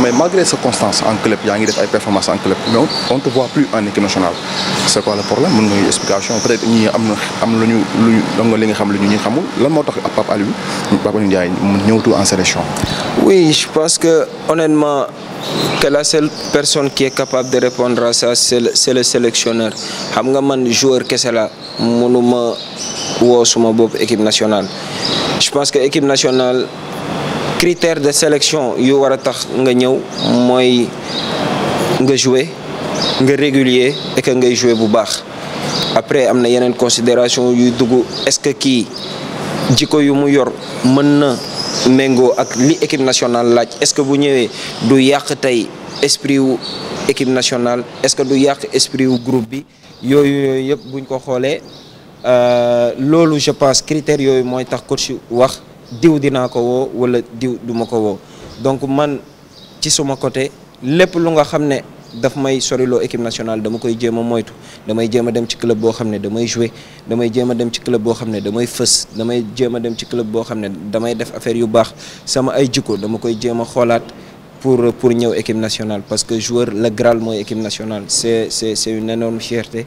mais malgré ces circonstances en club, il y a des performances en club, mais on ne te voit plus en équipe nationale. C'est quoi le problème peut Il y a une explication. Peut-être qu'il y a des gens qui savent Pape Aliou, Pape Ndiaye, en sélection. Oui, je pense que honnêtement, que la seule personne qui est capable de répondre à ça, c'est le sélectionneur. xam nga man joueur kese la ne woo suma bob équipe nationale je pense que équipe nationale Critères de sélection yu war tax nga ñëw mooy nga jouer nga régulier et que ngay jouer bu baax après am a une considération est-ce que qui jikko yu mu yor mën na méngoo ak li équipe nationale est-ce que bu ñëwee du yàq tey esprit wu équipe nationale est-ce que du yàq esprit wu groupe bi yooyu yooyu yëpp buñ ko euh lolu je pense critères yoy moy tax coach wax diw dinaa ko woo wala diw du ma ko woo donc man ci suma côté lepp lu nga xamné daf may soriloo équipe nationale dama koy jéem moytu damay jéem dem ci club bo xamné ne damay jouer damay jéem dem ci club bo xamné ne damay fës damay jéem dem ci club bo xamné ne damay def affaire yu bax sama ay jikko dama koy jéem xolaat pour pour ñew équipe nationale parce que joueur le Graal mooy équipe nationale c'est c'est c'est une énorme fierté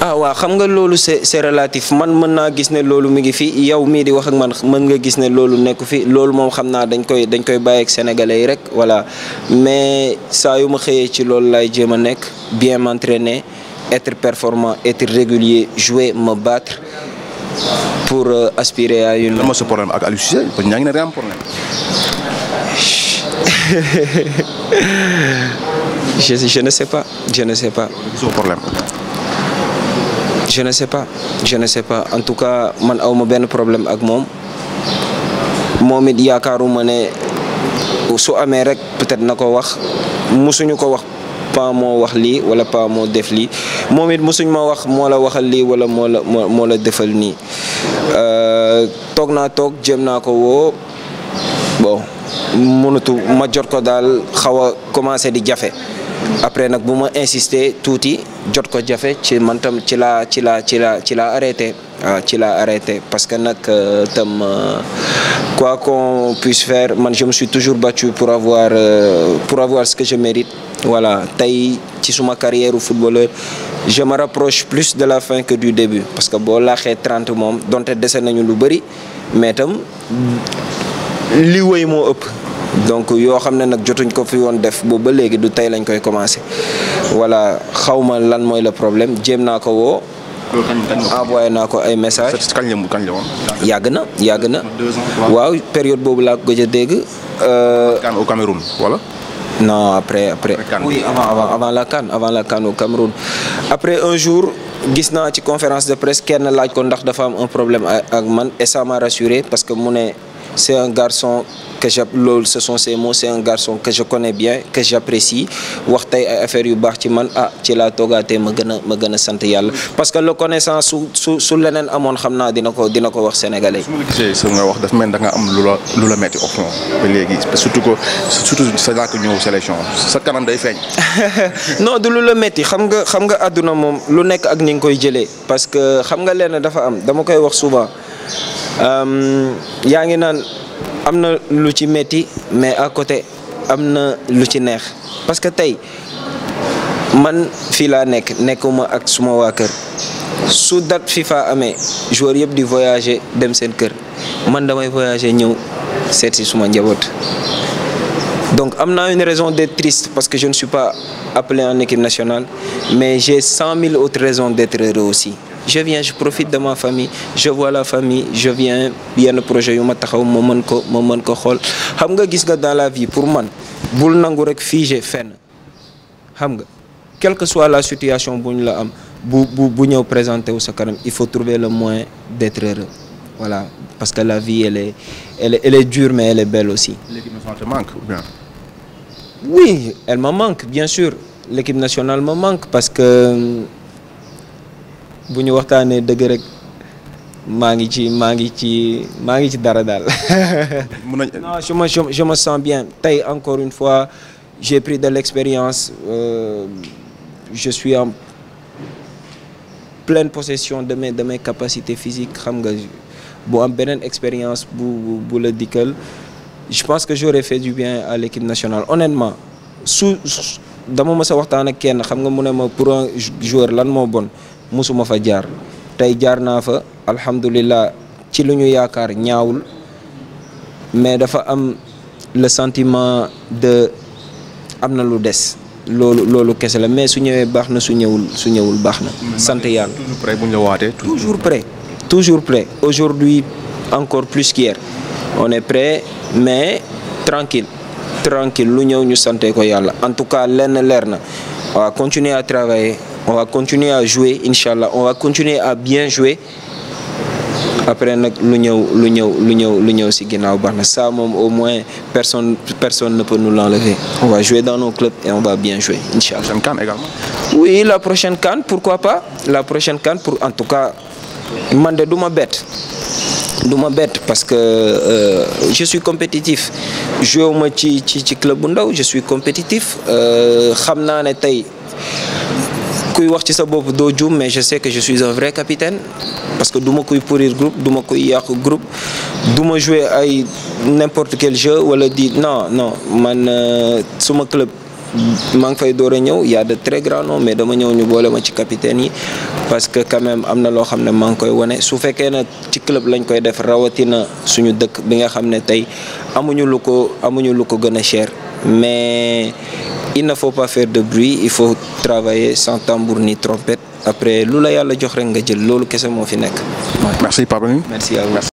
ah wa xam nga lolu c'est c'est relatif man mën naa gis ne lolu mi ngi fi yow mi di wax ak man meun nga gis ne lolu nekku fi lolu mom xamna dañ koy dañ koy baye ak sénégalais rek voilà mais ça, yu ma xëyee ci lolu lay jéem a nekk bien m'entraîner être performant être régulier jouer me battre pour euh, aspirer à une. lan moo problème ak Aliou Cissé parce que ñaa ngi problème. je je ne sais pas je ne sais pas. problème. je ne sais pas je ne en tout cas man awma benn problème ak moom moom it yaakaaruma ne su amee rek peut-être na ko wax musuñu ko wax pas moo wax lii wala pa moo def lii moom it musuñ ma wax moo la waxal lii wala moo la moo la defal nii euh, toog naa toog jëm naa ko woo bon mënatu ma jot ko daal xaw a commencé di jafe après nak buma insisté insister ce jot ko jafé ci man tam ci la ci la ci la ci la arrêté ah, ci arrêté parce que nak euh, tam euh, quoi qu'on puisse faire man je me suis toujours battu pour avoir euh, pour avoir ce que je mérite voilà tay ci suma carrière au footballeur je me rapproche plus de la fin que du début parce que boo laaxee 30 mom donté dese nañu lu bëri mais tam li woy mo ëpp donc yo xamné nak nag jotuñ ko fi won def bo ba légui du tay lañ koy commencer voilà xawma lan moy le problème jéem naa wo woo. envoyé naa ko ay message yàgg na yagna yagna waaw période bobu la ko gëj dégg. euh au Cameroun voilà non après après. oui avant avant avant la CAN avant la CAN au Cameroun. après un jour gis ci conférence de presse kenn laaj ko ndax dafa am un problème ak man et ça m'a rassuré parce que mu c'est un garçon que je, ce sont ces mots, c'est un garçon que je connais bien, que j'apprécie. Waxtay ay affaire yu bax ci man ah ci la togaté ma gëna ma gëna sante yalla parce que le connaissance sou sou lenen amone xamna dina ko dina ko wax sénégalais. Su ma gisee su nga wax daf mel da nga am lula lula metti au fond ba légui surtout ko surtout sa la ko ñëw sélection sa kanam day feñ. Non du lula metti xam nga xam nga aduna mom lu nekk ak ñing koy jëlé parce que xam nga lenn dafa am dama koy wax souvent euh, yaa ngi nan amna lu ci metti mais à côté amna lu ci neex parce que tay man fi la nek, nekuma ak suma wa keur su date FIFA amé joueur yeb di voyager dem sen keur man damay voyager ñew setti suma njabot donc amna une raison d'être triste parce que je ne suis pas appelé en équipe nationale mais j'ai 100 000 autres raisons d'être heureux aussi je viens je profite de ma famille je vois la famille je viens y projet un projet, taxaw ma mën ko ma mën ko faire xam nga gis dans la vie pour moi. bul nangu rek figé fenn quelle que soit la situation bu la présenté il faut trouver le moyen d'être heureux voilà parce que la vie elle est elle est, elle est dure mais elle est belle aussi. l'équipe nationale te manque ou bien. oui elle me manque bien sûr l'équipe nationale me manque parce que bu ñu waxtaanee dëgg rek maangi ci maangi ci maangi ci dara non je me je me sens bien tay encore une fois j'ai pris de l'expérience euh, je suis en pleine possession de mes de mes capacités physiques xam nga bu am expérience bu bu je pense que j'aurais fait du bien à l'équipe nationale honnêtement je dama mës a waxtaan xam nga mu ne ma pour un joueur lan mo bon musuma fa jaar tay jaar na fa alhamdulilah ci luñu yaakar ñaawul mais dafa am le sentiment de amna lu dess lolu lolu kese la mais su ñëwee baax na su ñëwul su ñëwul baax na sant yàlla toujours prêt bu ñu la waatee toujours prêt toujours prêt aujourd'hui encore plus qu'hier on est prêt mais tranquille tranquille lu ñëw ñu santee ko yalla en tout cas lenn leer wa waaw continuer à travailler on va continuer à jouer, Inch'Allah. On va continuer à bien jouer. après on l'union, l'union, lu ça au moins personne personne ne peut nous l'enlever on va jouer dans nos clubs et on va bien jouer inch'allah. La prochaine CAN également. oui la prochaine canne, pourquoi pas la prochaine canne, pour en tout cas man de ma bête, ma bête, parce que euh, je suis compétitif Je au club je suis compétitif Euh, kuy wax ci sa bopp doo juum mais je sais que je suis un vrai capitaine parce que du ma kuy pourrir groupe du ma kuy yàq groupe du ma jouer ay n'importe quel jeu wala dit non non man euh, suma club maa ngi fay door a ñëw y a de très grands noms mais dama ñëw ñu boole ma ci capitaine parce que quand même am na loo xam ne maa ngi koy wane su fekkee na ci club lañ koy def rawatina suñu dëkk bi nga xam ne tey amuñu lu ko amuñu lu ko cher mais il ne faut pas faire de bruit il faut travailler sans tambour ni trompette après lu le yàlla jox rek nga jël kese merci Pablo. merci à